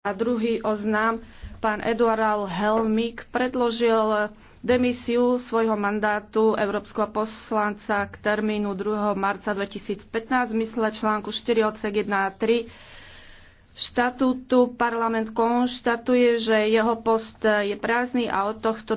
A druhý oznám, pán Eduard Helmik predložil demisiu svojho mandátu európskeho poslanca k termínu 2. marca 2015 v mysle článku 4 odsek 1 a 3 štatútu parlament konštatuje, že jeho post je prázdny a od tohto